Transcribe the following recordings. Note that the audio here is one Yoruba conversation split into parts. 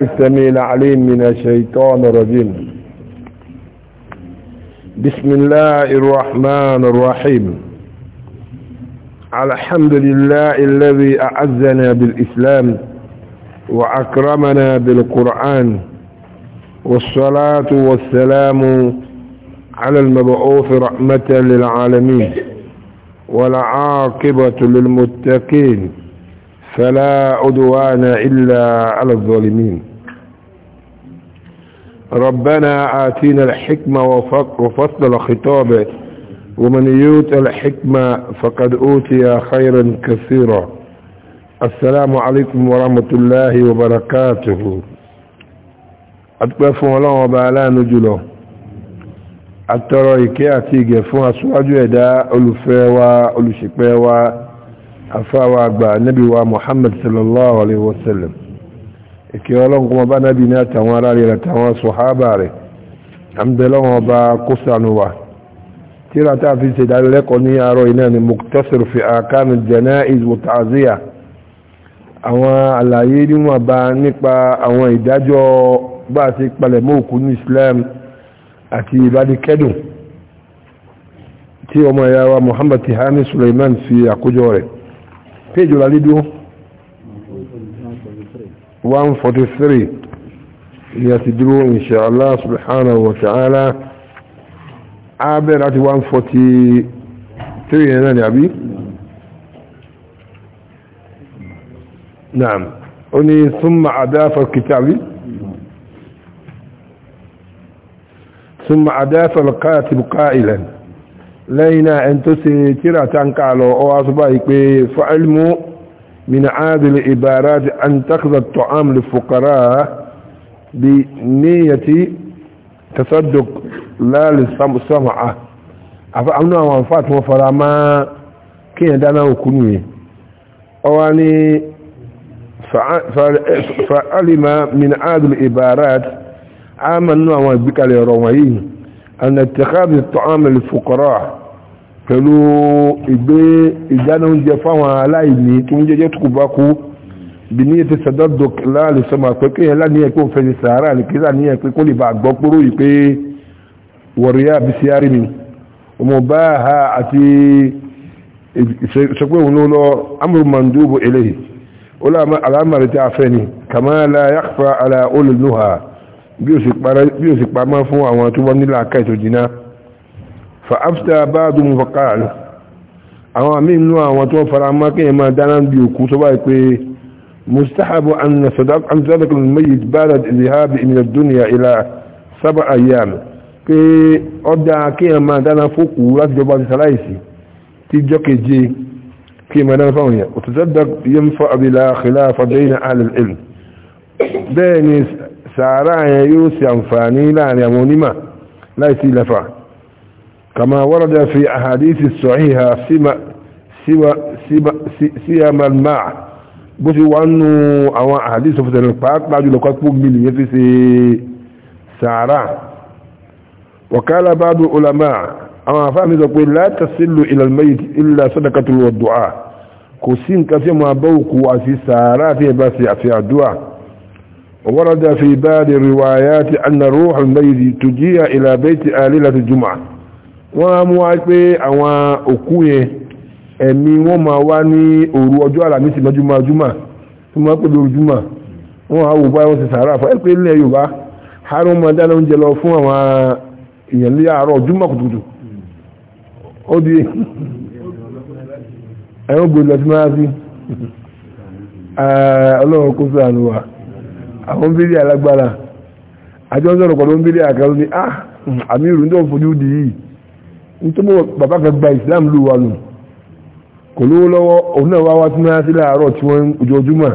السميع العليم من الشيطان الرجيم بسم الله الرحمن الرحيم الحمد لله الذي أعزنا بالإسلام وأكرمنا بالقرآن والصلاة والسلام على المبعوث رحمة للعالمين والعاقبة للمتقين فلا عدوان إلا على الظالمين ربنا آتينا الحكمة وفصل الخطاب ومن يوت الحكمة فقد أوتي خيرا كثيرا السلام عليكم ورحمة الله وبركاته أتقف الله وبعلا نجله أترى إكي أتيجي فون أسواج يدا ألفاوى ألشقاوى أفاوى أكبر النبي ومحمد صلى الله عليه وسلم ìkẹ́ ọlọ́run kó máa bá nábì ní àtàwọn aráàlú rẹ̀ àtàwọn sọ̀hábà rẹ̀ àmdẹ́lọ́wọ́n ọba kó sànù wa tíra tá a fi ṣe ìdánilẹ́kọ̀ọ́ ní àárọ̀ iná ni muktasir fi àkánu jana'iz wa ta'ziya àwọn àlàyé níwọ̀n bá nípa àwọn ìdájọ́ bá a ti palẹ̀ mọ́ òkú ní Islam àti ìbánikẹ́dùn tí ọmọ ìyá wa Muhammad Tihani Suleiman fi àkójọ rẹ̀ péjọ lálídó 143 يتدروا إن شاء الله سبحانه وتعالى عابر عتي 143 هنا نعبي نعم أني ثم أضاف الكتاب ثم أضاف القاتب قائلا لينا أن تسي ترى تنكالو أو أصبعك فعلموا من عادل العبارات أن تأخذ الطعام للفقراء بنية تصدق لا للسمعة أفأمنا وانفات وفراما كين دانا وكنوه أواني فعلم من عادل العبارات آمنوا وانبكى لروعين أن اتخاذ الطعام للفقراء pẹ̀lú ìgbé ìdáná oúnjẹ fáwọn aláìní tó ń jẹjẹ́ tukù bá kú bí ní ètò sàdọ́dọ̀ láàrín sọmọ àpẹ́kẹ́ yẹn láníyàn pé òun fẹ́ ṣe sàárà ní kíkà níyàn pé kó lè bá gbọ́ póró yìí pé wọ̀rìyà bísí árí mi ọmọ bá ha àti ìṣẹ́pẹ́ òun ló amúrú mandubu eléyìí ó láàmú alámàrí tí a fẹ́ ni kàmá la yàkfà àlà olùlùhà bí ó sì pamọ́ fún àwọn tó wọ́n nílà káìtò jìnnà فأفتى بعضهم فقال àwọn àmì inú àwọn tó fara mọ́ kí ẹ máa dáná bí òkú tó báyìí pé mustahabu an sadaka al-mayyit ba'da al-dhahab min ad-dunya ila sab'a ayyam pé oda kí ẹ máa dáná fókù láti jọba ti salaisi ti jọ́ keje kí ẹ máa dáná fáwọn yẹn o ti sadda yanfa bila khilafa bayna ahli al-ilm bẹ́ẹ̀ ni sàárà yẹn yóò ṣe àǹfààní láàrin àwọn onímọ̀ láìsí ìlẹ́fà كما ورد في أحاديث الصحيحة سما سوى سما سيما الماء بوتي وانو او احاديث في الباك بعد لو كان بوك ملي في سي وقال بعض العلماء اما فهم يقول لا تصل الى الميت الا صدقه والدعاء كوسين ما بوك واسي سارا في بس في الدعاء ورد في بعض الروايات ان روح الميت تجيء الى بيت آللة الجمعه wọ́n mú wá pé àwọn òkú yẹn ẹ̀mí wọ́n ma wá ní òru ọjọ́ àlàmísì lọ́júmọ́júmọ́ tó máa pè lórújúmọ́ wọ́n á wò bá wọ́n ti sàárà fún ẹ̀pẹ́ ilẹ̀ yorùbá harun máa dáná oúnjẹ lọ fún àwọn èèyàn ní àárọ̀ kùtùkùtù ó di gbòdì lọ sí máa ọlọ́run kó sàánú wa àwọn alágbára àjọ ń sọ̀rọ̀ nítorí bàbá kan gba islam ló wà lù kò lówó lọ́wọ́ òun náà wá wá tí wọ́n á sí láàárọ̀ tí wọ́n ojoojúmọ́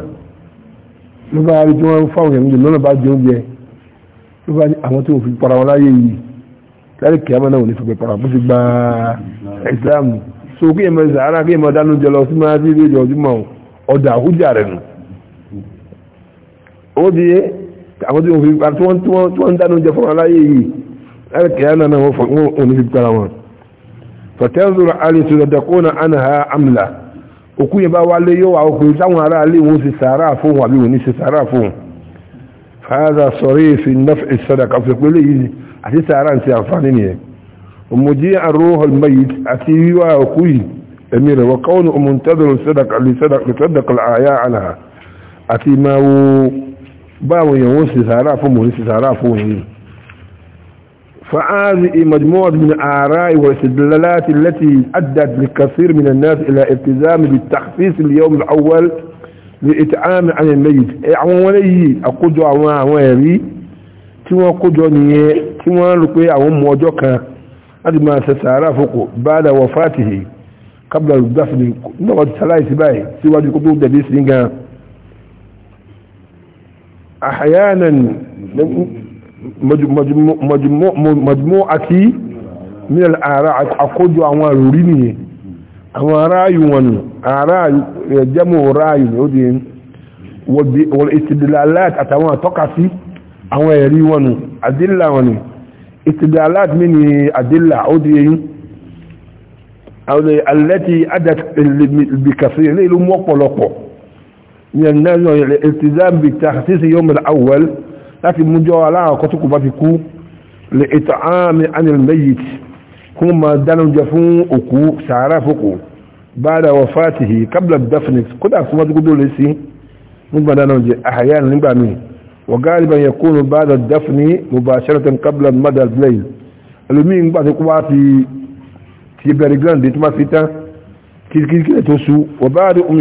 ló bá rí tí wọ́n ń fáwọn èèyàn jù lọ́nà bá jẹ oúnjẹ ló bá ní àwọn tí wọ́n fi para wọn láyé yìí láti kí àmọ́ náà wọ́n ní fipẹ́ para wọn fi gba islam so kí èèmọ̀ sàárà kí èèmọ̀ dánú jẹ lọ sí máa sí ilé ojoojúmọ́ ọ̀dà àhújà rẹ̀ nù ó di àwọn tí wọ́n fi para tí wọ́n dánú jẹ fún wọn láyé yìí láti kí àmọ́ náà wọ́n ní fi para wọn fọ̀tẹ́nzùrù alìsìlẹ̀dẹ̀kọ́nà àná àmìlà òkú yẹn bá wálé yóò wà òkùnrin táwọn ará alé wọn sì sàárà fún àbí wọn ní sì sàárà fún fàádà sọ̀rọ̀ èsì náfẹ́ ìsọ̀dàkà fẹ́pẹ́lẹ̀ yìí àti sàárà ti àǹfààní nìyẹn òmùjí àrùhàn mayit àti wíwá òkú yìí ẹ̀mí rẹ̀ wọ́n fún mọ̀ ní sì sàárà fún yìí فهذه مجموعة من الآراء والاستدلالات التي أدت لكثير من الناس إلى الالتزام بالتخصيص اليوم الأول لإتعام عن الميت أعوان ولي أقود أعوان ويري تما قد نية تما لقي أعوان هذا ما سسارا فوق بعد وفاته قبل الدفن نوع ثلاث باي سوى القدود دي سنغا أحيانا majmu'ati min al-ara' àkójọ àwọn àròrí nìyẹn àwọn aráyù wọn aráyù jamu ráyù ni ó di wal istidlalat àtàwọn àtọ́ka sí àwọn ẹ̀rí wọn nù àdílà wọn ni istidlalat mi ni àdílà ó di eyín التي أدت بكثير ليل مقلق من الناس الالتزام بالتخصيص يوم الأول láti mújọ́ aláàkọ́ tó kù bá fi kú lè ètò àmì anil mayit kún ma dánújẹ fún òkú sàárà fòkù bada wafatihi qabla dafni kódà fún wájú gbogbo lè sí nígbà dánújẹ àhàyà nígbà míì wa galiban yakunu bada dafni mubasharatan qabla madal blaze ẹlòmíì ń gbà tó kú wá ti ti bẹ̀rẹ̀ gíláǹdì tó má fi tán kìrìkìrì tó su wa bada um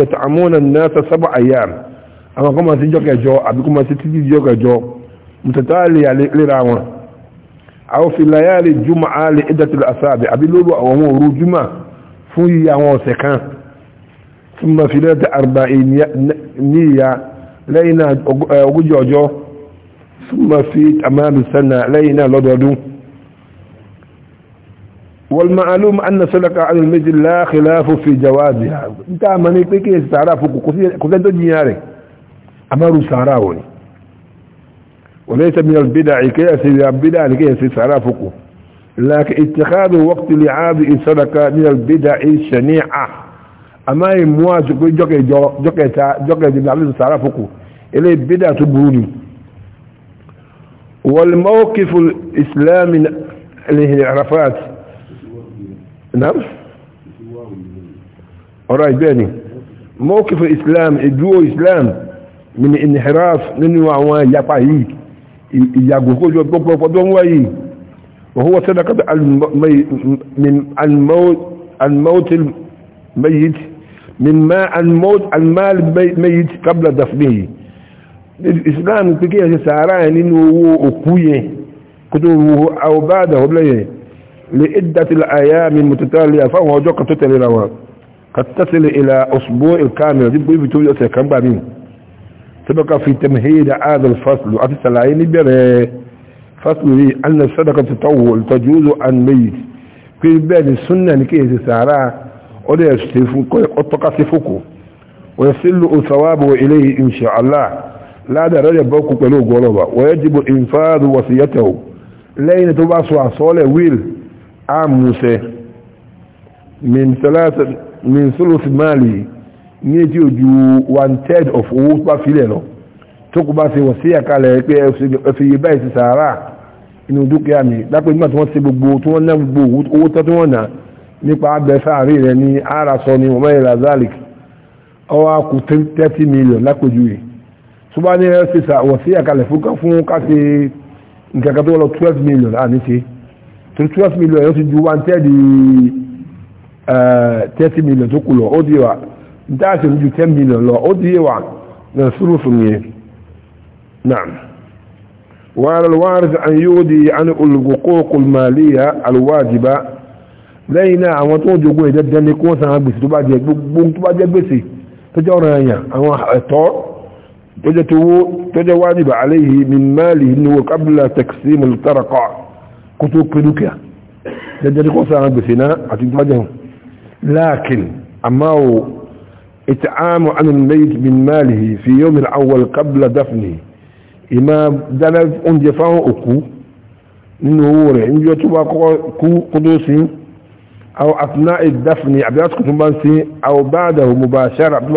yata'amuna an-nasa sab'a ayyam àwọn kọ́ máa sí jọ́kẹ̀jọ́ àbí kọ́ máa sí títí jọ́kẹ̀jọ́ mùtẹ̀tà lè léra wọn àwọn filaya lè jùmọ̀ á lè ẹ̀dà tó lè àṣà àbí àbí lóru àwọn òru jùmọ̀ fún yìí àwọn ọ̀sẹ̀ kan fún ma filẹ̀ tẹ àrùbá níyà lẹ́yìn ogójì ọjọ́ fún ma fi àmàlù sẹ́nà lẹ́yìn náà lọ́dọọdún والمعلوم أن صدقة عن المثل لا خلاف في جوازها انت عماني كيف تعرف كثير كثير دنيا amaru sàárà wọ̀ ni وليس من البدع كي يسير البدع لكي يسير سعرا فقه لكن اتخاذ وقت لعاب صدقة من البدع الشنيعة أما يمواز كي جوكي جوكي جوكي جوكي سعرا فقه إليه بدع تبروني والموقف الإسلامي للعرفات نعم أرأي باني موقف الإسلام إدوه إسلام من انحراف ننوى ويقعي يقول وبدون وهو صدق من الموت الموت الميت من ما الموت المال الميت قبل دفنه الإسلام كي ساران إنه أكوية كتبه أو بعده بليه لعدة الأيام المتتالية فهو جوك تتلي روا قد تصل إلى أسبوع الكامل دي بيبتو يأتي كم بعدين سبق في تمهيد هذا الفصل وفي سلاين بره فصل أن الصدقة تطول تجوز عن ميت في بعد السنة لكي تسارع ولا يستفقه ويصل ثوابه إليه إن شاء الله لا درجة بوكو كلو غلبة ويجب إنفاذ وصيته لين تبعثوا صالة ويل عام موسى من ثلاثة من ثلث مالي ní etí ojú one third of owó tó bá filẹ̀ lọ tó kó bá ṣe wọ̀ sí àkàlẹ̀ pé ẹ̀fẹ̀ yìí báyìí ti sàárà inú dúkìá mi lápẹ́ nígbà tí wọ́n ṣe gbogbo tí wọ́n ná gbogbo owó tó tí wọ́n ná nípa abẹ sáàrí rẹ̀ ní arasọ ni wọ́n mẹ́rin razalik ọwọ́ kù thirty million lápẹ́jú rẹ̀ tó bá ní ẹ̀ ṣe wọ̀ sí àkàlẹ̀ fún káṣe nǹkan kan tó wọ́n lọ twelve million àní ṣe tó twelve million yóò ti ju one eh, thirty million tó kù lọ ó di wa dáàtì ojú 10 million lọ ó ti yé wa na sùúrù fún yẹn náà وعلى الوارث أن يودي عن الحقوق المالية الواجبة lẹ́yìn náà àwọn tó ń jogún ẹ̀dẹ́ dẹ́ni kí wọ́n san agbèsè tó bá jẹ gbogbo tó bá jẹ gbèsè tó jẹ́ ọ̀ràn àyàn àwọn ẹ̀tọ́ tó jẹ́ tówó tó jẹ́ wájìbà aléyìí min máàlì níwò kábílà tẹ̀kìsí mọ̀lítàràkọ́ kó tó pé dúkìá dẹ́dẹ́ kó san agbèsè náà àti gbájẹun láàkìn àmáwò اتعام عن الميت من ماله في يوم الأول قبل دفنه إما دلف أنجفاه أكو ننهور إنجو تباقوا قدوسي أو أثناء الدفن عبدالسك تنبانسي أو بعده مباشرة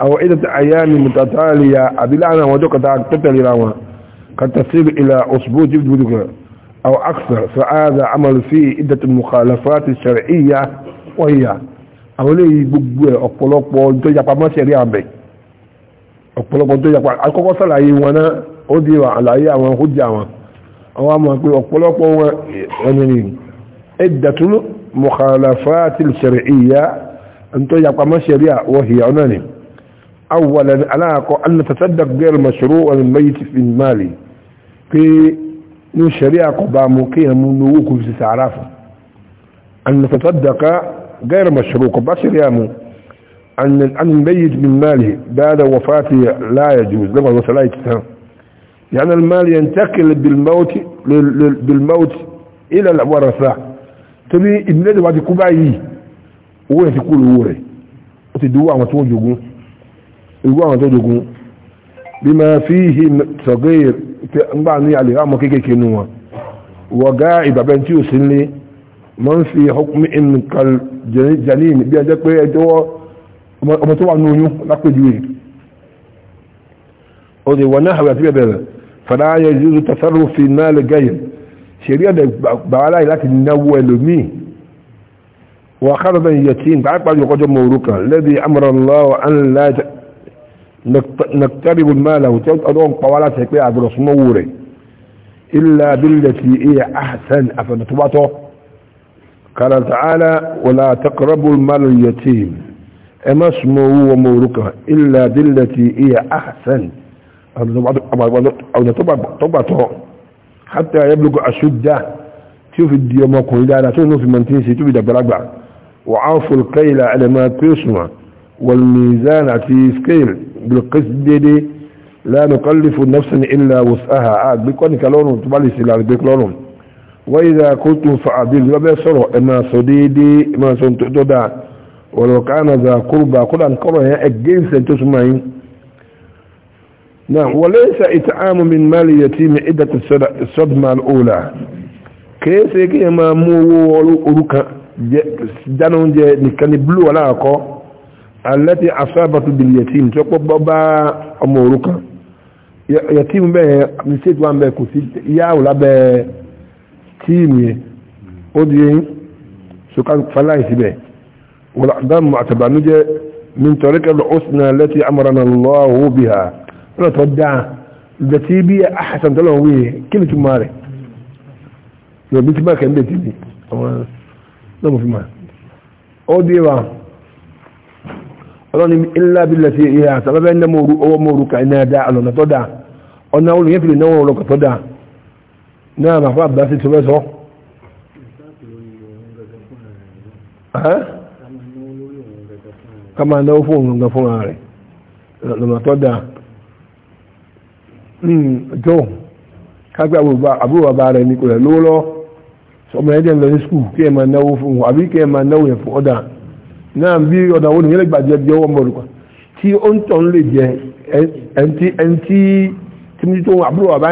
أو عدة أيام متتالية أبلانا ودوك تتالي الاما قد تصل إلى أسبوع جبد بدوك أو أكثر فهذا عمل فيه عدة المخالفات الشرعية وهي àwọn eléyìí gbogbo ẹ̀ ọ̀pọ̀lọpọ̀ ọjọ́ yapa mọ́sẹ̀rí àbẹ̀ ọ̀pọ̀lọpọ̀ ọjọ́ yapa akọ́kọ́ sàlàyé wọn náà ó di àlàyé àwọn hójà wọn àwọn àmọ́ pé ọ̀pọ̀lọpọ̀ wọn ẹ̀mìnì ẹ̀dàtún mọ̀kànláfàátì ṣẹ̀rẹ̀ìyà ń tó yapa mọ́sẹ̀rí àwọ̀hì ọ̀nà ni awwalan aláàkọ́ annatassadaq ghayr mashru'in wal mayyit fi mali pé ní ṣẹ̀rí àkọ́bàmù kéèyàn mú owó kò fi sàárà fún annatassadaq غير مشروك بشر يامو أن أن الميت من ماله بعد وفاته لا يجوز لما وصل يتسام يعني المال ينتقل بالموت بالموت إلى الورثة تبي ابن الذي بعد كوباي هو يقول هو وتدوا ما توجوا يقوا ما توجوا بما فيه صغير بعد يعني أما كيكي كنوا وقاعد بنتي وسنلي man fi hukumi in kal janin bí a jẹ́ pé ẹjọ́ ọmọ tó wà ní oyún lápèjúwe o lè wọ́n náà àti bẹ̀rẹ̀ fàdáyẹ yíò tasarru fi náà lè gẹ́yìn ṣeré ẹ̀dẹ̀ gbàwálá láti náwó ẹlòmíì wà kára bẹ̀rẹ̀ yẹ tí pàápàá yọ kọjọ mọ orúkà lẹ́bi amúrànlọ́wọ́ an láti nàktàríbù máa làwù tí ọdún pàwálá tẹ̀ pé àgbọ̀rọ̀ súnmọ́wó rẹ̀ illa bílẹ̀ ti iya ahsan àfẹ̀dọ̀tọ́bátọ́ قال تعالى ولا تقربوا المال اليتيم اما اسمه وموركه الا بالتي هي احسن حتى يبلغ اشده شوف اليوم كلنا تنو في سي تبي دبرغبا وعاف الكيل على ما تسمع والميزان في سكيل دي لا نكلف نفسا الا وسعها عاد آه، بكون كلون تبالي لا بكلون وإذا كنتم فعبيل لبا ما إما صديدي إما سنتدودا ولو كان ذا قربى قل أن قرأ يا أجين سنتسمعين نعم وليس إطعام من مال يتيم عدة الصدمة الأولى كيف يكي ما مو ولوكا جانون جي نكني بلو ولا أكو التي أصابت باليتيم تقول بابا أمورك يتيم به نسيت وان به كسيت يا ولا به tíìmù yẹn ó di yẹn sọ́kà faláì síbẹ̀ wọ́n dáàmú àtàbánújẹ́ min tọ́ríkà lọ́sùnà lẹ́tí amọ̀rànà lọ́wọ́ bí ha lọ́nà tó dáa ìgbàtí bí i àhàsàn tó lọ́wọ́ yẹ kí ni tún máa rẹ̀ yóò bí tí bá kẹ́ńdẹ̀ tí ni àwọn náà mo fi ọlọ́ni ilá bí lẹ́tí ìhà sábẹ́bẹ́ ní owó mọ́rùkà iná dáa lọ́nà tó dáa ọ̀nà olùyẹ́fìlì náà wọ́n lọ́kà tó dáa náà bàbá àbá sí tó mẹ́sàn ká máa náwó fún òun gan fúnra rẹ̀ lọ́nà tó dáa tó hmm, kágbé àbúrò bàbá rẹ̀ ní kò rẹ̀ lówó lọ́wọ́ sọmọ ẹ̀jẹ̀ ń lọ ní skul kí ẹ máa náwó fún wọn àbí kí ẹ máa náwó yẹn fún ọ̀dà náà bí ọ̀dà wo nìyẹn lè gbàjẹ́ bí ọwọ́ mọ̀ lùkọ́ tí ó ń tọ́ ń lè jẹ ẹ̀ntí ẹ̀ntí tí mo ti tó àbúrò bàbá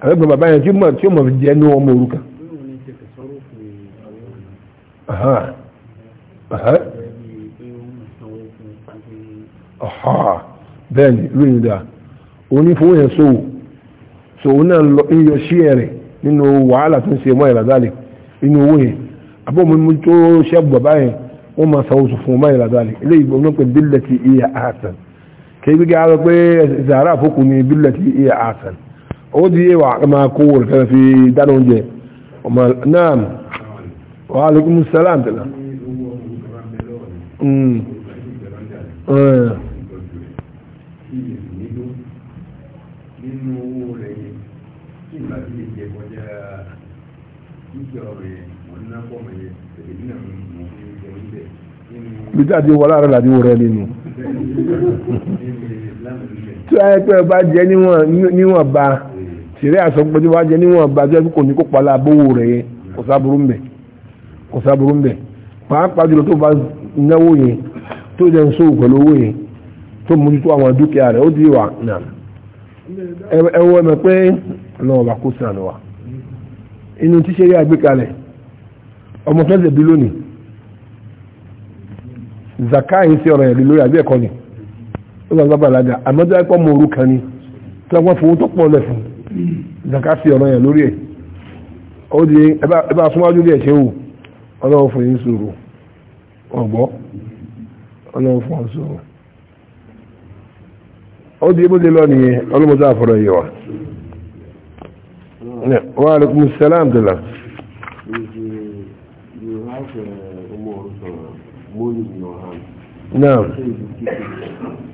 àgbẹ̀gbẹ̀ bàbá yẹn tí ó mọ̀ fi jẹ́ ní ọmọ òrukàn bẹ́ẹ̀ni lóyìn dáa onífowó yẹn sówò sòwò náà lọ iyọ sí ẹ̀rẹ̀ nínú wàhálà tó ń ṣe mọ́ ìlàdálẹ̀ nínú owó yẹn àbọ̀ mo tó ṣẹ́bù bàbá yẹn wọ́n máa sanwó sọ fún ọmọ ìlàdálẹ̀ ilé ìgbọ̀n náà pé bílẹ̀ ti iye àásán kí gbígbé ara pé zàrà àfọkù ni bílẹ̀ ti iye àásán ó di yé wa ma kó wòl fẹ́ fi dáná oúnjẹ ọmọ náà wa alaikum salam tẹ̀lá bí dáadé wọlé ara làdí wọlé nínú tí a yẹ pé ọba jẹ níwọ̀n bá sèré àsọgbọ́dé wá jẹ níwọ̀n gbàjẹ́ kò ní kó pala abówó rẹ̀ yẹn kò sáburú mbẹ̀ kò sáburú mbẹ̀ pàápàá jùlọ tó bá náwó yẹn tó jẹ́ ń sóhù pẹ̀lú owó yẹn tó mójútó àwọn dúkìá rẹ̀ ó di wà náà ẹwọ́ ẹ̀mẹ̀ pé lọ́wọ́ bá kó sàn wà inú tíṣe rí àgbékalẹ̀ ọmọ fẹ́sẹ̀ bí lónìí zaka sí ọ̀rọ̀ ẹ̀rí lórí àbí ni ó bá bá bàlágà àmọ́jọ́ ẹ̀kọ́ mọ orúkan ni tí wọ́n fowó tó pọ̀ lẹ̀ zaka fi ọ̀nà yẹn lórí ẹ̀ ó di ẹbá súnmọ́jú díẹ̀ ṣe wù ọlọ́run fún yín sòrò ọ̀gbọ́ ọlọ́run fún ọ sòrò ó di lọ nìyẹn àfọ̀rọ̀ wà. salam dala. Now,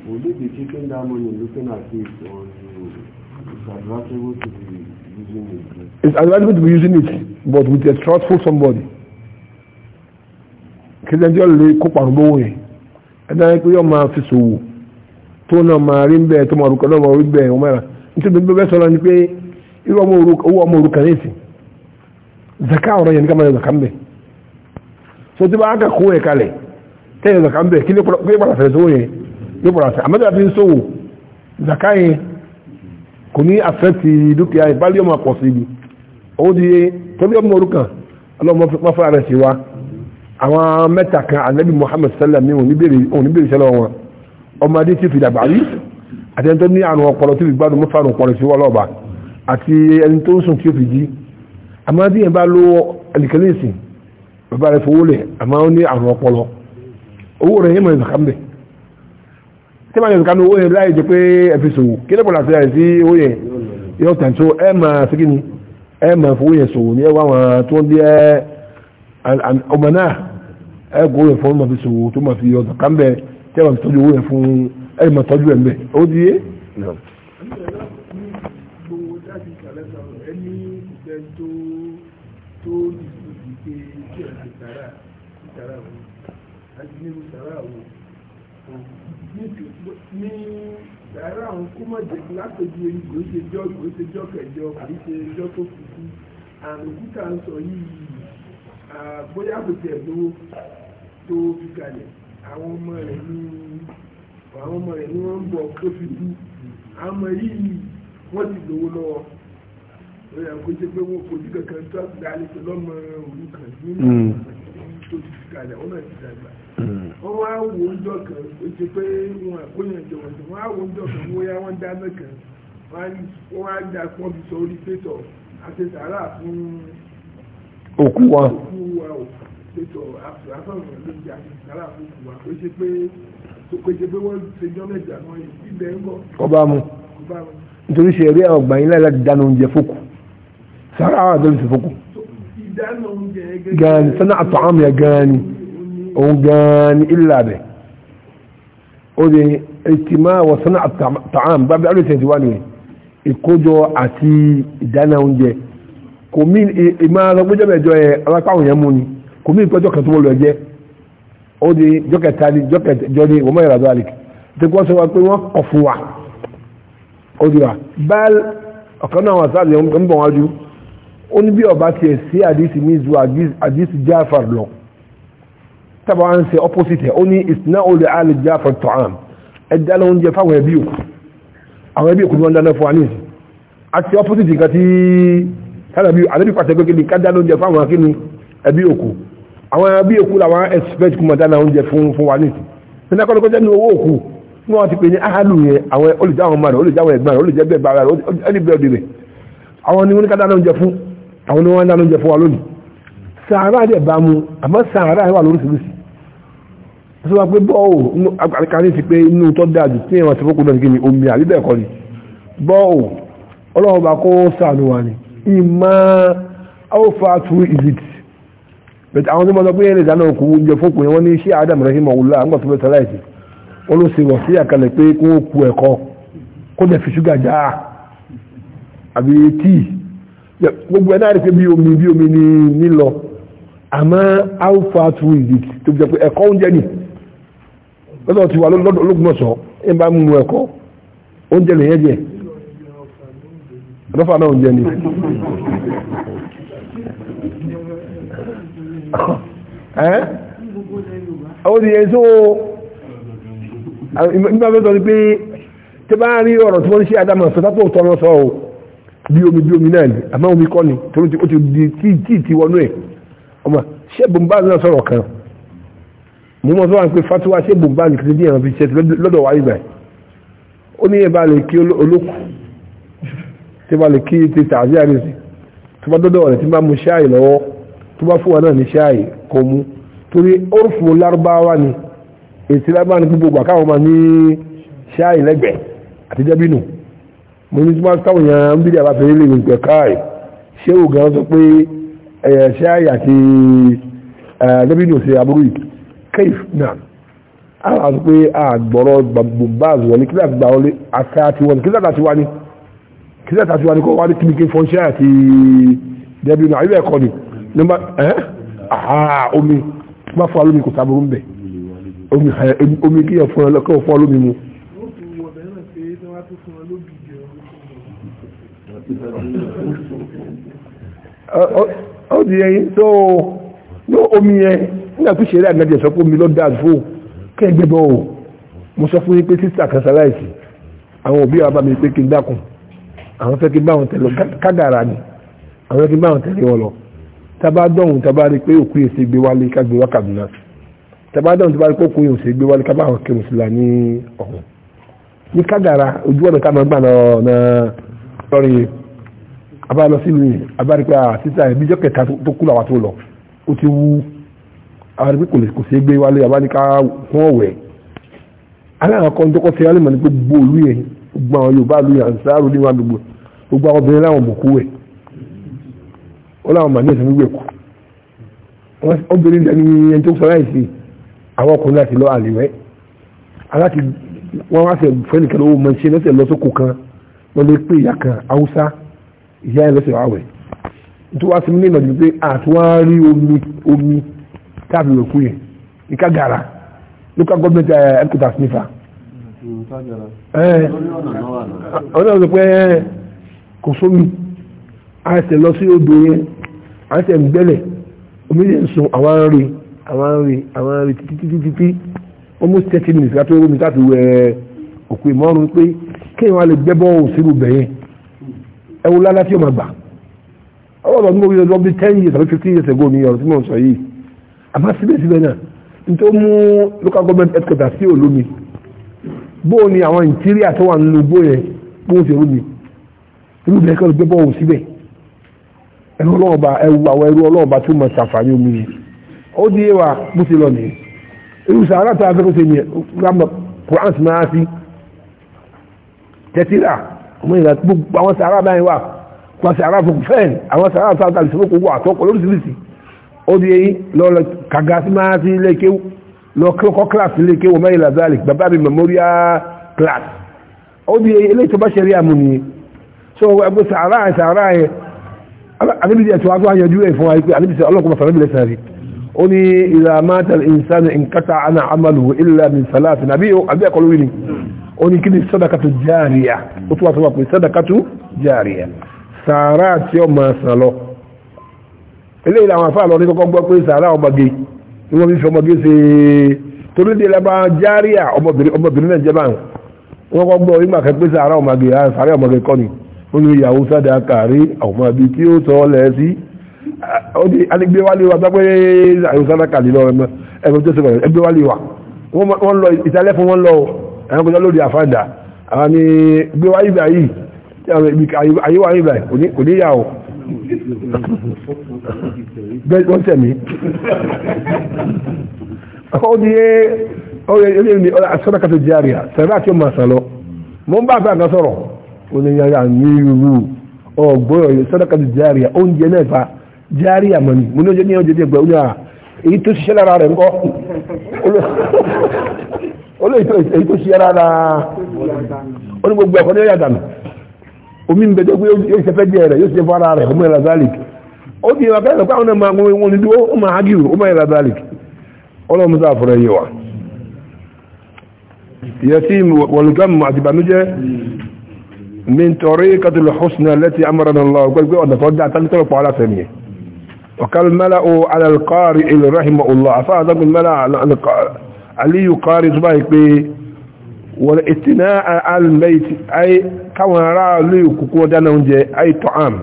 will they be keeping that money looking at advisable to be using it. It's advisable to be using it, but with a trustful somebody. Kìlẹ̀ ẹjọ́ lè kópa àrùgbówó yẹn. Ẹ dáná pé yóò máa fi ṣòwò tó náà máa rí bẹ́ẹ̀ tó máa rúkọ náà máa rí bẹ́ẹ̀ wọ́n mẹ́ra. Nítorí bí bẹ́ẹ̀ sọ̀rọ̀ ni pé irú owó ọmọ òrukàn yìí sì. Zaka ọ̀rọ̀ yẹn ní ká máa yọ zaka ń bẹ̀. So tí bá ká kó ẹ̀ kalẹ̀ tẹ́yọ̀ zaka ń bẹ̀ kí ní pàdà fẹ̀rẹ̀ sówó yẹn yóò pàdà fẹ̀. Àmọ́ kò ní àfẹ́tì dúkìá ìbálẹ̀ ọmọ àpọ̀ sí ibi ó di torí ọmọ orúkàn ọlọ́mọ fipá fún rẹ̀ sí wa àwọn mẹ́ta kan anabi muhammed sallam ní òun níbèrè sẹ́lẹ̀ wọn ọmọdé ti fi dàgbà rí àti ẹni tó ní àrùn ọpọlọ tó fi gbádùn mọ́fà àrùn ọpọlọ sí wọ́lọ́ọ̀bà àti ẹni tó ń sùn tí ó fi jí àmọ́ bí yẹn bá lo ẹnìkẹ́lẹ́sì bàbá rẹ̀ fowó lẹ̀ àmọ́ ó ní àrùn ọpọlọ owó rẹ̀ yẹn mọ̀ ẹ̀ tí ma yẹ̀sùn kánú owó yẹn láì jẹ́ pé ẹ̀fisòwò kí lẹ́pọ̀ láti rẹ̀ sí owó yẹn yóò tàn tó ẹ máa sí kí ni ẹ máa fowó yẹn sòwò ní ẹwà wọn tó ń bí ẹ ọmọ náà ẹ kó yẹn fún ọmọ fi sòwò tó máa fi ọ̀sán kan bẹ tí ẹ máa fi tọ́jú owó fún ẹ máa tọ́jú ẹ̀ mbẹ ó di yé. Thank you ní ẹ̀rọ àwọn kọ́mọ̀jẹ̀ látọ̀jú ìgò ìṣèjọ́ ìgò ìṣèjọ́ kẹjọ kìí ṣe ẹjọ́ tó fi kú àrùn òkúta ń sọ yìí bóyá kò tiẹ̀ lówó tó fi kalẹ̀ àwọn ọmọ rẹ̀ ní àwọn ọmọ rẹ̀ ní wọ́n ń bọ̀ tó fi kú àmọ́ yìí wọ́n ti lówó lọ́wọ́ lórí àwọn kò ṣe pé wọ́n kò sí kankan tó àgbà àlejò lọ́mọ òru kan nínú hmm. àwọn ọmọ tó fi kalẹ̀ wọ́n náà ti dàgbà. Hmm wọ́n wá wo oúnjọ kan ó ti pé wọn àkóyàn jọ wọn wọ́n á wo oúnjọ kan wọ́n yá wọ́n dáná kan wọ́n á dá pọ́ọ̀bù sọ orí pétọ̀ àti sàárà fún òkú wa òkú wa ò pétọ̀ àfọ̀nà ló jà àti sàárà fún òkú wa ó ṣe pé ó ṣe pé wọ́n ṣe jọ́ mẹ́jà wọn ibẹ̀ ń bọ̀. ọba mu nítorí ṣe eré ọgbà yín láti dáná oúnjẹ fókù sàárà àwọn àgbẹ̀ ló ti fókù. ìdáná oúnjẹ gẹ́gẹ́ òun gan ni ilà rẹ̀ ó di ìtìmá wọ̀sánà àtàwọn bábí alùsẹ̀ntì wà nìyẹn ìkójọ àti ìdáná oúnjẹ kò mí ìmá lọ́gbọ́jọ́ mẹ́jọ ẹ̀ alápáwọn yẹn mú ni kò mí ìpẹ́jọ́ kan tó wọ́n lọ jẹ́ ó di jọ́kẹta ni jọ́kẹjọ ni wọ́n mọ̀ ìrànlọ́ àlìkì tí wọ́n sọ wa pé wọ́n kọ̀ fún wa ó di wa báyìí ọ̀kan náà wà sáà ní bọ̀ wájú ó ní bí ọba tiẹ̀ sí àdìsí ní zu àdìsí jáfàr lọ طبعا سي اوبوزيت اوني اثناء لآل جعفر الطعام ادالو نجي فاو يبيو او يبيو كل وان دانا فواني اتي اوبوزيت كاتي كان بيو على بيو كاتي كي كادالو نجي فاو كيني ابيو كو àwọn ẹbí òkú làwọn expect kúmọ̀ dáná oúnjẹ fún fún wa nìtì nínú akọ́lùkọ́ jẹ́ ní owó òkú wọ́n ti pè ní ahalu yẹn àwọn olùjáwọn ọmọ rẹ̀ olùjáwọn ẹ̀gbọ́n rẹ̀ olùjẹ́gbẹ̀gbà rẹ̀ olùjẹ́gbẹ̀gbà rẹ̀ àwọn ni wọ́n ní ká dáná oúnjẹ fún àwọn ni wọ́n dáná oúnjẹ fún wa lónìí sàárà dị bá mu àmọ́ sàárà wà lóríṣiríṣi ó sọ pé bọ́ọ̀ àkàrí ti pé inú tó dáa jù tí ìwọ̀n náà omi ni ọlọ́run bá kó sàánú wa ni ìmọ̀ how far through is but àwọn tó sọ pé ìdáná òkú oúnjẹ ní adam rahim tó fẹ́ ló ṣe wọ̀ sí àkàlẹ̀ pé kó ku ẹ̀kọ́ kó dẹ̀ omi bí omi ní àmọ́ how far through is it tó jẹ́ pé ẹ̀kọ́ oúnjẹ nì lọ́dọ̀ ti wà lọ́dọ̀ ológun ọ̀sọ́ ẹ̀ bá mú ẹ̀kọ́ oúnjẹ lè yẹ jẹ lọ́fà náà oúnjẹ ni ó di yẹn tó nígbà mẹ́tọ́ ni pé tí bá rí ọ̀rọ̀ tí wọ́n ṣe adámọ̀ sọ́tà tó tọ́ lọ́sọ̀ọ́ bí omi bí omi náà ni àmọ́ omi kọ́ ni torí ó ti di tí tí wọnú ẹ̀ ọmọ ṣé bùnbáàzì náà sọ̀rọ̀ kan mo mọ́ sọ́wọ́n pé fatuwa ṣé bùnbáàzì kìí bí ẹ̀ràn fi ṣe lọ́dọ̀ wáyé báyìí ó ní ẹ̀bá lè kí olókù tí bá lè kí ti tààzí àrísí tó bá dọ́dọ̀ rẹ̀ tí bá mu ṣáàyè lọ́wọ́ tó bá fún wa náà ní ṣáàyè kò mú torí orúfù lárúbáwá ni èsì lárúbáwá ni gbogbo àgbà káwọn máa ní ṣáàyè lẹ́gbẹ̀ẹ́ àti dẹ́bínù mo ní tí wọ́n táwọn èèyàn ń bí Eh, eh, ṣe àyà ti lẹ́bínú ṣe àbúrú kéif náà àwọn àti pé àgbọ̀rọ̀ gbàgbàgbà wọlé kílẹ̀ àgbà wọlé àfẹ́ àti wọlé kílẹ̀ àti wá ní kílẹ̀ àti wá ní kọ́ wá ní kíníkí fún ṣe àti lẹ́bínú àyẹ̀wò ẹ̀kọ́ ni nígbà ẹ́ eh? àhà omi má fún alómi kò sábúrú ń bẹ̀ omi kíyàn fún ọlọ́kọ̀ fún alómi mu. ó ó di ẹyin tó ní omi yẹn nígbà tó ṣeré àgbàjẹ sọ pé omi lọ dáa fún kẹgbẹ bọ o mo sọ fún yín pé sísà kan sáláìsì àwọn òbí àwọn bá mi pé kí n dákun àwọn fẹ́ kí bá wọn tẹ̀lé kádàrà ni àwọn fẹ́ kí bá wọn tẹ̀lé wọn lọ tábà dọ̀hún tábà rí pé òkú èsì gbé wálé ká wá Kaduna tábà dọ̀hún tábà rí pé òkú èsì gbé wálé ká bá wọn kírun sí la ní ọ̀hún ní kádàrà ojú ọ̀nà ká máa gbà náà lọ́rìn yìí abá lọ sílùú yìí abá rí pé à ah, títà ẹ̀mí jọ́ kẹta tó kú làwà tó lọ ó ti wú abá rí pé kò lè kò sí gbé wálé abá ní ká wọ́n wẹ̀ aláwọn akọ ní tọkọtẹ alẹ́ mọ̀ ní gbogbo olú yẹn gbogbo àwọn Yorùbá lu yẹn àǹsáàrò ní wọn gbogbo gbogbo àwọn obìnrin láwọn mọ̀kú wẹ̀ wọ́n láwọn màní ẹ̀sìn gbígbẹ̀ kù obìnrin dání ẹni tó sọ láìsí àwọn ọkùnrin láti lọ àlèwẹ́ aláti wọ́n wá sẹ̀ fẹ́nìkan owó mọ̀ ṣe lọ́sẹ̀ kan wọ́n lè pè ìyá kan Haúsá ìyá ẹ̀ lẹ́sẹ̀ àwẹ̀ tó wá sí mi nínú ọdún pé àtúwárí omi omi káàbì òkú yẹn ìka gàrà local government eh, headquarters nífà. Eh, ọ̀nà ọ̀nà pé eh, kò sómi a ṣe lọ sí odò yẹn a ṣe ń gbẹ́lẹ̀ omi yẹn ń sun àwọn arìnrìn àwọn arìnrìn àwọn arìnrìn títí títí almost thirty minutes látọ̀ omi láti wẹ̀ òkú ìmọ̀ràn pé kéèyàn wá lè gbẹ́bọ̀ òṣèlú bẹ̀yẹn. ẹwù lálá tí ó máa gbà ọwọ́ ọ̀dọ́ nígbà wíwọ́n bí ten years àbí fifteen years ago ní ọ̀rọ̀ tí mò sọ yìí àmọ́ síbẹ̀síbẹ̀ náà nítorí mú local government headquarters sí olómi bóò ni àwọn interior tó wà nínú bóò yẹn bóò ṣe olómi irú bẹ́ẹ̀ kọ́ ló gbé bọ́ọ̀ síbẹ̀ ọlọ́ọ̀ba àwọn omi yẹn ó di ewa bó ọmọ ìlà tí gbogbo àwọn sàárà báyìí wà wọn sàárà fún fẹ́ẹ̀n àwọn sàárà sáà tàbí sọ́kò wà àtọ́kọ̀ lóríṣiríṣi ó di eyín lọ́lọ́ kàga sí máa ti ilé kéwù lọ kọ́ kíláàsì ilé kéwù ọmọ ìlà bàbá mi memorial class ó di eyín eléyìí tó bá ṣẹlẹ̀ àmú nìyí so ẹgbẹ́ sàárà yẹn sàárà yẹn àdébìsí ẹ̀tọ́ wá tó wá yanjú ẹ̀ wa pé àdébìsí ọlọ́kùnrin sàrẹ́bì lẹ́sẹ̀ rí ó ní ìlà máa tẹ̀lé ìsánì ìkàtà àná àmàlù ilẹ̀ mi sàlá àti nàbí ẹ̀kọ́ lórí ni oni kini sadakatu jariya o tún wá sọ pé sadakatu jariya sàárà tí ó máa sàn lọ eléyìí làwọn afá lọ ní kọ́kọ́ gbọ́ pé sàárà ọmọge ni wọ́n fi fi ọmọge ṣe torí dé lábá jariya ọmọbìnrin ọmọbìnrin náà jẹba àwọn wọ́n kọ́ gbọ́ nígbà kan pé sàárà ọmọge ah, sàárà ọmọge kọ́ ni ó ní ìyàwó sádà kàrí àwọn àbí tí ó sọ lẹ̀ sí anigbéwálé wa gbàgbé ìyàwó sádà kàrí lọ ẹgbẹ́ tó ṣe wọ́n lọ ìtàlẹ́ fún wọn lọ ẹ̀rọ kọjá lórí àfádà àwọn ni gbé wáyé ibà yìí ayé wáyé ibà kò ní yàwó wọ́n tẹ̀mí ó di yé ọ̀rẹ́ ní sọ́dọ̀kàtò járíà sẹ́rẹ́ àti ọmọ àṣà lọ mọ́ ń bá àfẹ́ àgbà sọ̀rọ̀ ó ní yàrá ní irú ọgbọ́n sọ́dọ̀kàtò járíà oúnjẹ náà fa járíà mọ́ni mo ní oúnjẹ ní oúnjẹ ní ẹgbẹ́ oúnjẹ èyí tó ṣiṣẹ́ lára rẹ̀ ńkọ́ lè tó èyí tó ṣe rárá ó ní gbogbo ẹ̀kọ́ ní ọ̀yà dànù omi ń bẹ̀dẹ̀ pé yóò ṣe fẹ́ jẹ́ rẹ̀ yóò ṣe fara rẹ̀ ọmọ ìlàzálìk ó di ìwà bẹ́ẹ̀ lọ́pàá ọ̀nà máa wọn ní dúró ó máa hágìrì ọmọ ìlàzálìk ọlọ́run sá fọ́rọ̀ yìí wa yẹtí wọlùgámù àti ìbànújẹ́ ní tọrí katul husna lẹ́tí amúranà lọ gbẹ́gbẹ́ ọ̀nà tó dá tán tọ́lọ̀pọ̀ aláfẹ́mi ọ̀kal mẹ́la o alalkari ilẹ̀ rahimahullah afáàdọ́gbìn mẹ́la alalkari علي قاري باي بي والاتناء على البيت أي كون رأى لي كوكو دانا أي طعام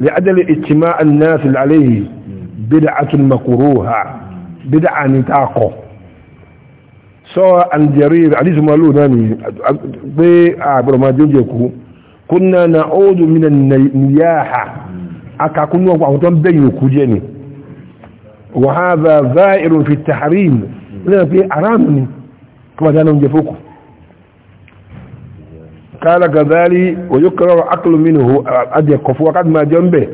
لعدل اجتماع الناس عليه بدعة مكروهة بدعة نتاقه سواء الجرير جرير حديث مالو ناني بي عبر ما جنجيكو كنا نعود من النياحة أكا كنا وعطان بيو كجاني وهذا ذائر في التحريم lẹ́yìn pé aráàmù ni kí wọ́n dáná oúnjẹ fókù kára gazali oyókọrọ akọlùmínú adìẹ kọfú wákàtí máa jẹ ń bẹ̀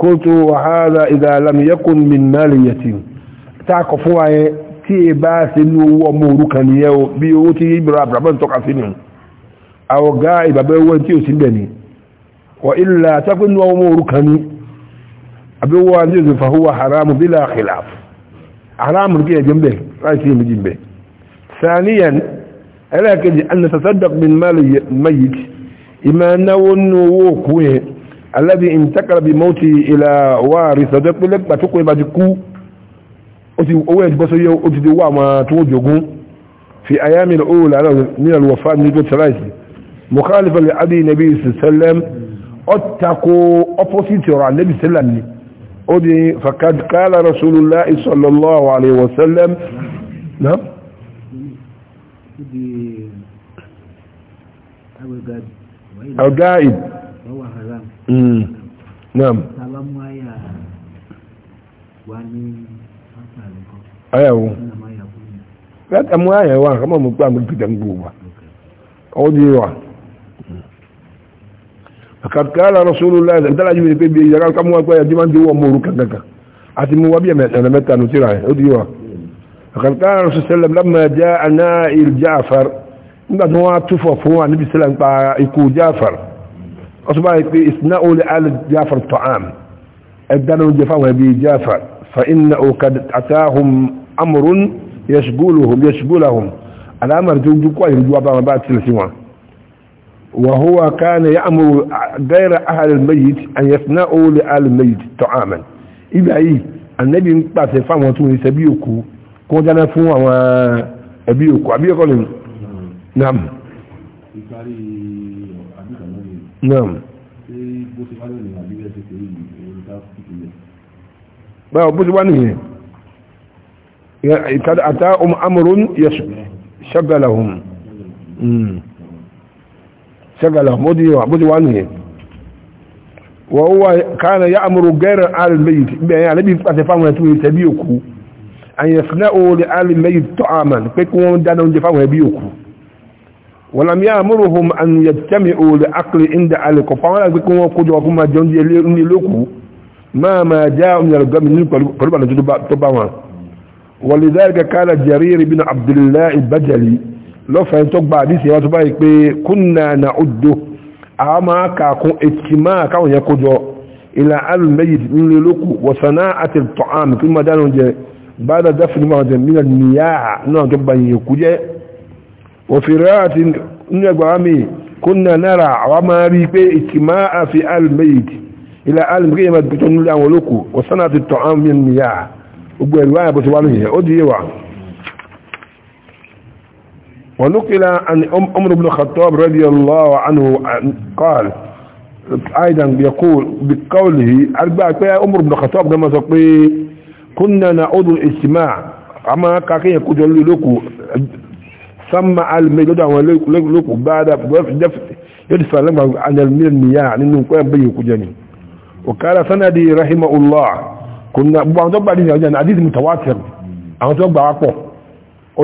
kó tó wàhálà ìdàlámi yẹkùn min máàlì yẹtì tá a kọfú wa yẹ tí e bá ṣe ní owó ọmọ òrukàn nìyẹn o bí owó tí haramun kí ẹjọ́ mbẹ̀ láìsí méjì mbẹ̀ saniyan ẹlẹ́kẹjì annasasaddak bin mali mayit ima náwó nówó òkú yẹn alábi intakara bi mọ́tí ilà wáàrí sọ́jọ́ pé lẹ́gbà tó kọ́ ibà ti kú owó ẹ̀ ti bọ́sọ́ yẹ ó ti di wà máa tó jogun fi ayami na owó lára ní alwafa ní tó tẹ́láìsì mukhalifa li adi nabi sallam ó opposite ọ̀rọ̀ nabi sallam ni أدي فقد قال رسول الله صلى الله عليه وسلم نعم أو غائب هو حرام نعم سلام ويا واني أيوه لا تموايا وان كما مقام بالبدن بوبا أودي وان kàkàlà rasulullah ẹ̀sẹ̀ tẹ́lá yìí pé bí ìyàrá ká mú wá pé ẹjí máa ń jẹ́ owó ọmọ òru kankan àti mú wá bí ẹ̀mẹ̀ mẹ́ta nù tíra ẹ̀ ó di wa kàkàlà rasulullah lamma ja'ana il Ja'far nígbà tí wọ́n á túfọ̀ fún wa níbi sílẹ̀ nípa ikú Ja'far wọ́n báyìí pé isna'u li ali Ja'far ta'am ẹ̀dáná oúnjẹ fáwọn ẹbí Ja'far fa inna'u qad atahum amrun yashghuluhum yashghuluhum tó dúkọ́ ìrìnjú wa bá tilẹ̀ sí wọn وهو كان يأمر غير أهل الميت أن يصنعوا لأهل الميت طعاما إذا إيه النبي بعث سفام وطول سبيوكو كون جانا فوا وابيوكو أبيوكو لهم نعم نعم báwo bó ti wá nìyẹn ìkàdà àtà ọmọ amòrún yẹ شغله مودي وعبودي وانه وهو كان يأمر غير آل الميت يعني نبي أتفاهم يتوي تبيوكو أن يصنعوا لآل الميت طعاما فيكم دانا يتفاهم يبيوكو ولم يأمرهم أن يجتمعوا لأقل عند آل الكفار فيكم وقجوا كما جنجي لوكو ما ما جاء من القوم قربا نجدوا ولذلك قال جرير بن عبد الله البجلي lọ́fẹ̀ẹ́ tó gba àdísì wá tó báyìí pé kúnnà na ọdọ àwọn máa kàkún ètìmá káwọn yẹn kójọ ìlà alùmẹ́yì nílé lókù wọ̀sánà àti tọ́àmì tó máa dáná jẹ bada dafin ma wajen mina niyaha na wajen ban yi kuje wa kunna nara wa ma ri pe ila al-mayt ma bitun lan woloku wa sanatu ta'am min niyaha ugbe ونقل عن عمر بن الخطاب رضي الله عنه قال ايضا بيقول بقوله اربع عمر بن الخطاب كما سقي كنا نعود الاجتماع اما كاكي يقول لكم سمع الميدود لكم بعد دفت يدفع لما عن المياه لانه كان بيكو جنين وقال سندي رحمه الله كنا بعض بعد عديد متواتر او تبع قوه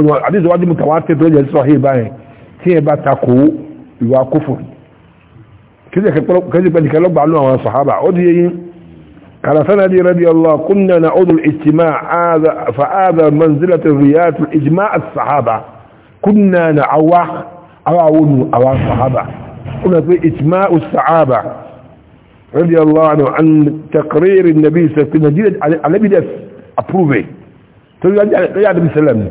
àdìsí wájú mu tàwọn àti tó jẹ́ sọ́hìn báyìí tí ẹ bá takò ìwà kófò kìí pẹ̀lú kẹlọ́gbà lọ àwọn sàhábà ó díye yìí kàràsánà di rabi allah kúnnà na ọdún ìjìmá fa'adà manzilata riyatu ìjìmá a sàhábà kúnnà na awa awonu àwọn sàhábà ó na pé ìjìmá a sàhábà rabi allah anu an takriri nabi sassi na jíra alabidus approve to yi yadda bisalam ne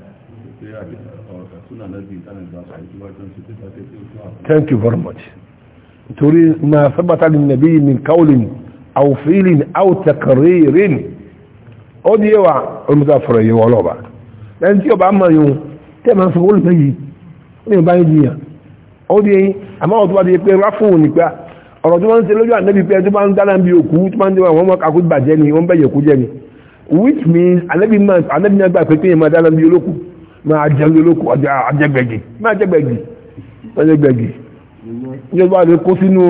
thank you very much nítorí ma sábàtà ní nàbí min kaulin aw filin aw takaririn ó di yẹwà olùsà fọ̀rọ̀ yìí wọ́n lọ́ba ẹni tí ọba ama yòó tẹ́ ma sọ wọ́n lè fẹ́ yìí wọ́n lè bá yẹn jiyàn ó di yẹn àmọ́ ọ̀tún bá di pé ráfù nípa ọ̀rọ̀ tí wọ́n ń ṣe lójú ànábi pé ẹni tó bá ń dáná bí òkú tó bá ń dáná wọ́n mọ́ kakú bàjẹ́ ni wọ́n bẹ̀ yẹ̀kú jẹ́ ni which means ànábi náà gbà pé kéèyàn máa dáná bí olókù máa jẹ́ olókù àjẹgbẹ̀gì máa jẹ́gbẹ̀gì lọ́jọ́ gbẹ̀gì ìjọba lè kó sínú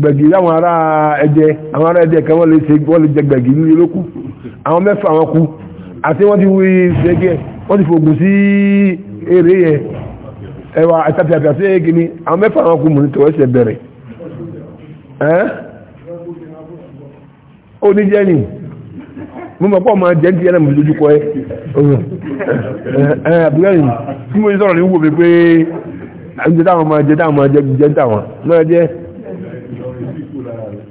gbẹ̀gì láwọn ará ẹ̀jẹ̀ àwọn ará ẹ̀jẹ̀ kan wọ́n lè ṣe wọ́n lè jẹ gbẹ̀gì ní olókù àwọn mẹ́fà wọn kú àti wọ́n ti wí ṣẹ́gẹ́ wọ́n ti fògùn sí eré yẹn ẹwà àtàtàtà sí èkì ni àwọn mẹ́fà wọn kú mọ̀ ní tọ́wọ́ ṣe bẹ̀rẹ̀ ẹ́ ó ní jẹ́ ni mo mọ̀ pọ̀ máa jẹ́ ti ẹ̀rẹ̀ mọ̀ lójúkọ ẹ́ ọ̀rọ̀ ẹ̀ àbúrẹ́yìn tí mo sọ̀rọ̀ ní wò pé àjẹ́ táwọn máa jẹ táwọn máa jẹ jẹ́ táwọn náà jẹ́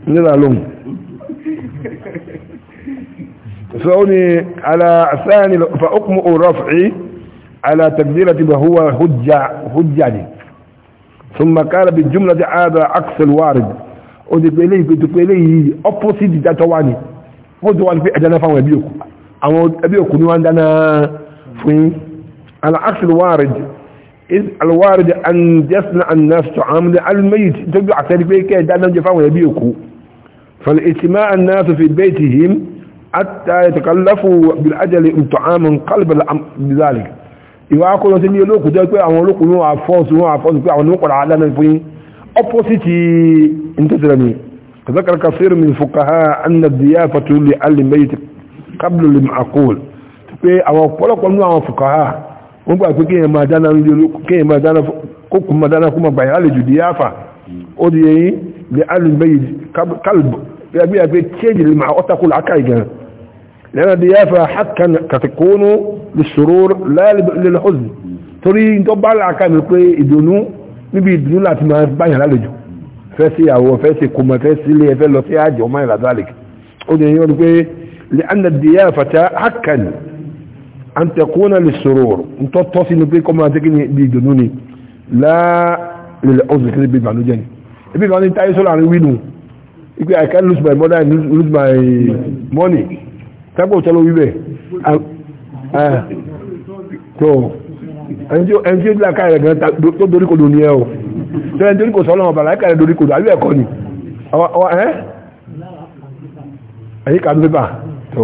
nílà lóhun سوني على ثاني فأقم رفعي على تقديرة هو هجة هجة ثم قال بالجملة هذا عكس الوارد ودقليه بدقليه opposite داتواني ودوان في أدنا فهو أبيوك أو أبيوك نوان دانا فين على عكس الوارد الوارد أن يصنع الناس طعام الميت تبدو عسالك كي دانا جفا ويبيكو فالاجتماع الناس في بيتهم حتى يتكلفوا بالأجل طعاما قلب بذلك ìwà akọ́lọ tí ní olóòkú jẹ́ pé àwọn olóòkú ní àfọ́sù wọn àfọ́sù pé àwọn olóòkú ràádá náà fún ọpọ́sìtì ìntẹ́sìrẹ̀mì ذكر كثير من الفقهاء أن الضيافة لأهل الميت قبل المعقول pé àwọn ọ̀pọ̀lọpọ̀ nínú àwọn fukaha wọ́n gbà pé kéèyàn máa dáná kéèyàn máa dáná kókùn máa dáná kó máa gbàyàn àlejò di yáfà ó di yẹyìn lè alùbẹ́yì kálùbù bí a gbé kéèjì lè máa ọ́tàkù láàkà ìgàn lẹ́nà di yáfà hakan kàtàkónú lè ṣòro lẹ́lẹ́hùzù torí tó bá láàkà mi pé ìdùnnú níbi ìdùnnú láti máa gbàyàn àlejò fẹ́ sí àwọ̀ fẹ́ sí kùmọ̀ fẹ́ sí ilé ẹfẹ́ an takuna lis-surur ń tọ́ tọ́ sí ní pé kọ́ máa tẹ́kí ní bí ìdùnnú ni láà lè ọ̀sẹ̀ kí ní bí ìbànújẹ́ ni ibi kan ní táyé sọ́lá àrin wínú ipe I can lose my mother and lose my money tábọ̀ òtọ́ ló wí bẹ̀ tó ẹni tí ó dí àkáyẹ̀ gan tó dorí kodò ní ẹ o tó ẹni dorí kò sọ́lọ́ ọ̀bà láìkàrẹ̀ dorí kodò àbí ẹ̀kọ́ ni ẹ̀yíkà tó pépà tó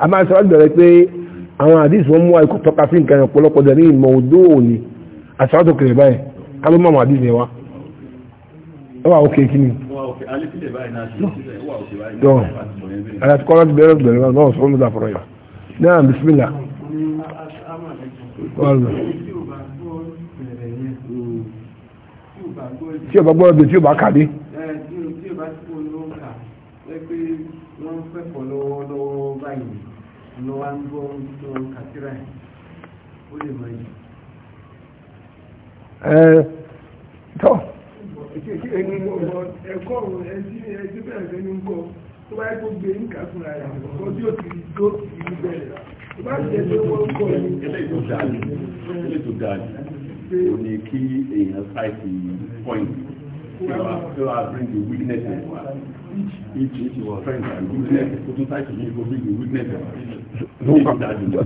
a máa sọ àgbẹ̀rẹ̀ pé àwọn àdìsí wọn mú àìkú tọ́ka sí nǹkan ọ̀pọ̀lọpọ̀ dẹ̀ ní ìmọ̀ òdó òní àṣàtò kèrè báyìí ká ló mọ̀ àwọn àdìsí wa ó wà òkè kí ni. àti kọ́lá ti bẹ̀rẹ̀ bẹ̀rẹ̀ náà sọ́nù dàpọ̀rọ̀ yà náà bisimilà. tí o bá wá ń gbọ́ tó kàtírà ẹ̀ ó lè mọ̀ yìí. ẹ tọ́. ẹ̀kọ́ ẹ̀sí ẹ̀sí fẹ́ ní kọ́ tó bá yẹ gbé ní kàtúrà ẹ̀ ọkọ̀ tí ó ti tó ti bẹ̀rẹ̀ tó bá jẹ́ tó wọ́n kọ́ ní. eléyìí tó dáa ní eléyìí tó dáa ní kí èèyàn sáìtì point tí wàá bring the weakness ẹ̀ wá each each of our friends and weakness tó tún sáìtì ní kó bring the weakness ẹ̀ wá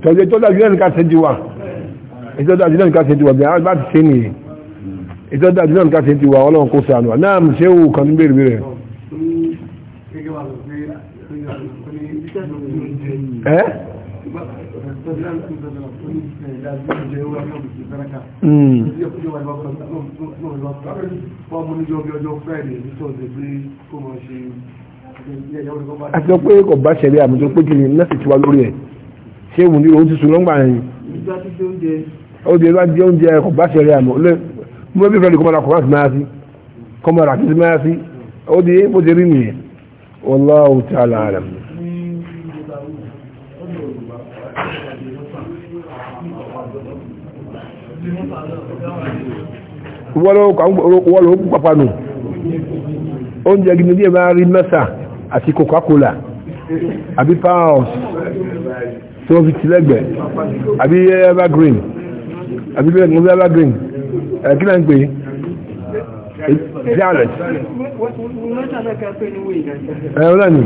tọ́jú ẹjọ́ dájú lẹ́nu ká ṣẹ́jú wa ẹjọ́ dájú lẹ́nu ká ṣẹ́jú wa bí i bá ti ṣe nìyí ẹjọ́ dájú lẹ́nu ká ṣẹ́jú wa ọlọ́run kó sànù wa náà ṣé wù kan ní bèrè bèrè. Mm àti pé kò bá ṣẹlẹ̀ àmójútó pé kìnìún náà sì ti wá lórí ẹ̀ ṣé òun ní òun ti sùn lọ́ngbà yẹn. ó di ìlú àti oúnjẹ kò bá ṣẹlẹ̀ àmọ́ mo bí fẹ́ẹ́ lè kọ́mọ́ra kọ́mọ́ra sí máa sí kọ́mọ́ra sí máa sí ó di bó ti rí nìyẹn wallahu ta'ala alam. wọ́n ló kọ́ àwọn olókùn pàpánu oúnjẹ gidi bí ẹ máa rí mẹ́sà àti coca-cola àbí powerhouse tí wọ́n fi ti lẹ́gbẹ̀ẹ́ àbí evergreen àbí evergreen ẹ̀kí náà ń pè é Fearless. Ẹ ọ lẹ́nu.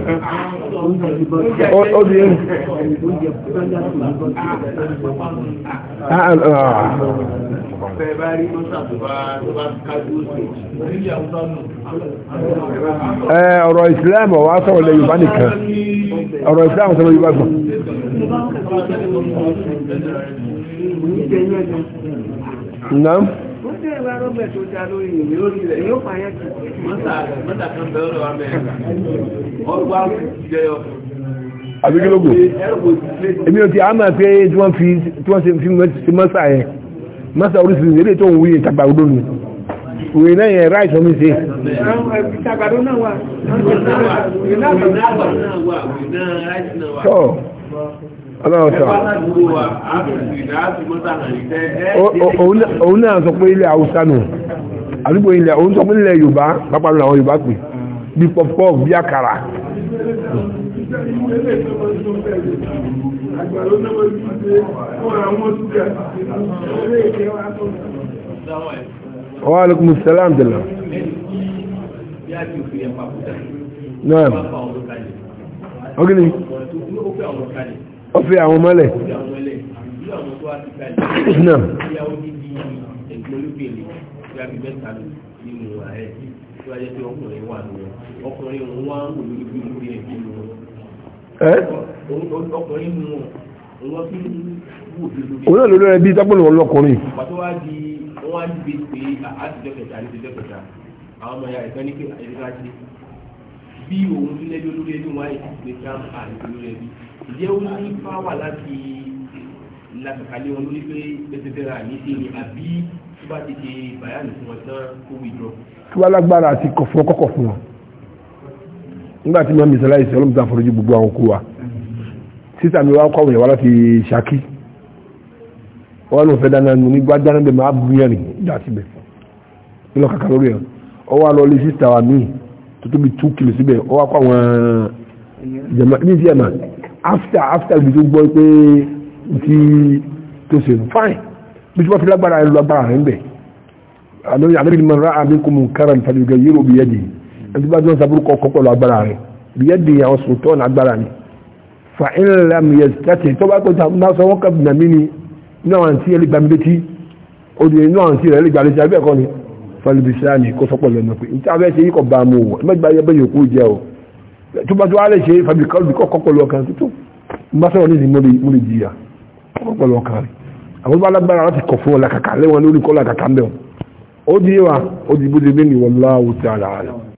Ó di yẹn. Bẹ́ẹ̀ bá rí mọ́sà tó bá kájú ó ọ̀rọ̀ ìsìláàmù ọ̀wá sọ̀rọ̀ lẹ́yìn bá nìkan. Ọ̀rọ̀ ìsìláàmù sọ̀rọ̀ Yorùbá gbọ̀n. Nàá tí ẹ bá rọ́bẹ̀ tó dá lórí ìrìn lórí rẹ̀ yóò fàyà kì. mọ́tà kan bẹ ọ́rọ̀ wa mẹ́rin ọgbà jẹyọ. àbíkílógún èmi ò ti àmà pé tí wọ́n fi tí wọ́n fi mọ́sà yẹn mọ́sà oríṣiríṣi eré tó ń wúyè tàgbà odó mi òwe náà yẹn ráìtì omi ṣe. tọ́ òun náà sọ pé ilẹ̀ haúsá nù àdúgbò ilẹ̀ òun sọ pé ilẹ̀ yorùbá pápá lọ àwọn yorùbá pè bí pọ̀pọ̀ bí àkàrà wa alaikum salam dala náà ọgẹ́ni ó fẹ́ ọ̀rọ̀ kalẹ̀ ó fi àwọn mọ́lẹ̀ òun náà lórí ẹbí tábọ̀lù ọlọ́kùnrin. pàtó wá wọ́n á di pé àtijọ́ kẹta àti ìjọ́ àwọn ọmọ ya ìkan ní pé àyíká ti bí òun tún lẹ́bí olórí ẹbí wọn àìsí pé ká àti olórí ẹbí ìjẹ́ ó ní fáwà láti làkàkálẹ̀ wọn lórí pé pẹ́sẹ́fẹ́ra ní ṣe ni àbí tó bá ti ṣe bàyánì fún wọn tán kó withdraw. tí wàá lágbára àti kọ̀fọ́ kọ́kọ̀ fún wọn nígbà tí mọ́mí sọlá ìṣẹ́ ọlọ́mùtà forójú gbogbo àwọn okó wa sísà mi wá kọ́ òyìnbó láti ṣákí wọn ló fẹ́ dáná nu nígbà dáná bẹ́ẹ̀ máa bú yẹn nìyí dá síbẹ̀ nílò kàkà lórí ẹ̀ ọwọ́ àlọ́ lé sísà wa míì tó tóbi tú kìlì síbẹ̀ ó wá kọ́ àwọn jama ní ti ẹ̀mà after after ibi tó gbọ́ pé ti tó ṣe fine bí tí wọ́n fi lágbára ẹ̀ lágbára rẹ̀ ń bẹ̀ àdébí ni mọ̀nà àmì kò mú kára ní fàdúgà yìí rò bí yẹ́ di ẹni tí bá jọ́ sábúrú kọ́ kọ́ pẹ̀lú agbára rẹ̀ bí yẹ́ di àwọn sòtọ́ ní agbára ni fa ìlànà mi yẹ tẹ́tì tó bá kó tàbí náà sọ wọ́n kà bìnàmí ni náà àǹtí ẹ̀ lè gbàmí létí ó di náà àǹtí rẹ̀ lè gbàmí létí àbí ẹ̀kọ́ ni falibisáni kó sọ́pọ̀ lẹ́nu pé ní abẹ́ ṣe yíkọ̀ bá mú o mẹ́gbà yẹbẹ́ yòókù jẹ́ o tó bá tó wá lè ṣe fabikọ́lù kọ́ kọ́pọ̀lọ́ kan tó bá sọ̀rọ̀ ní ìsinmi mo lè jìyà kọ́pọ̀lọ́ kan rẹ̀ àwọn bá láti kọ̀ fún ọlàkàkà lẹ́wọ̀n lórí kọ́làkàkà ń bẹ̀ ó di wa ó di bó ti mẹ́rin wọ́n láwùjọ àlàálẹ̀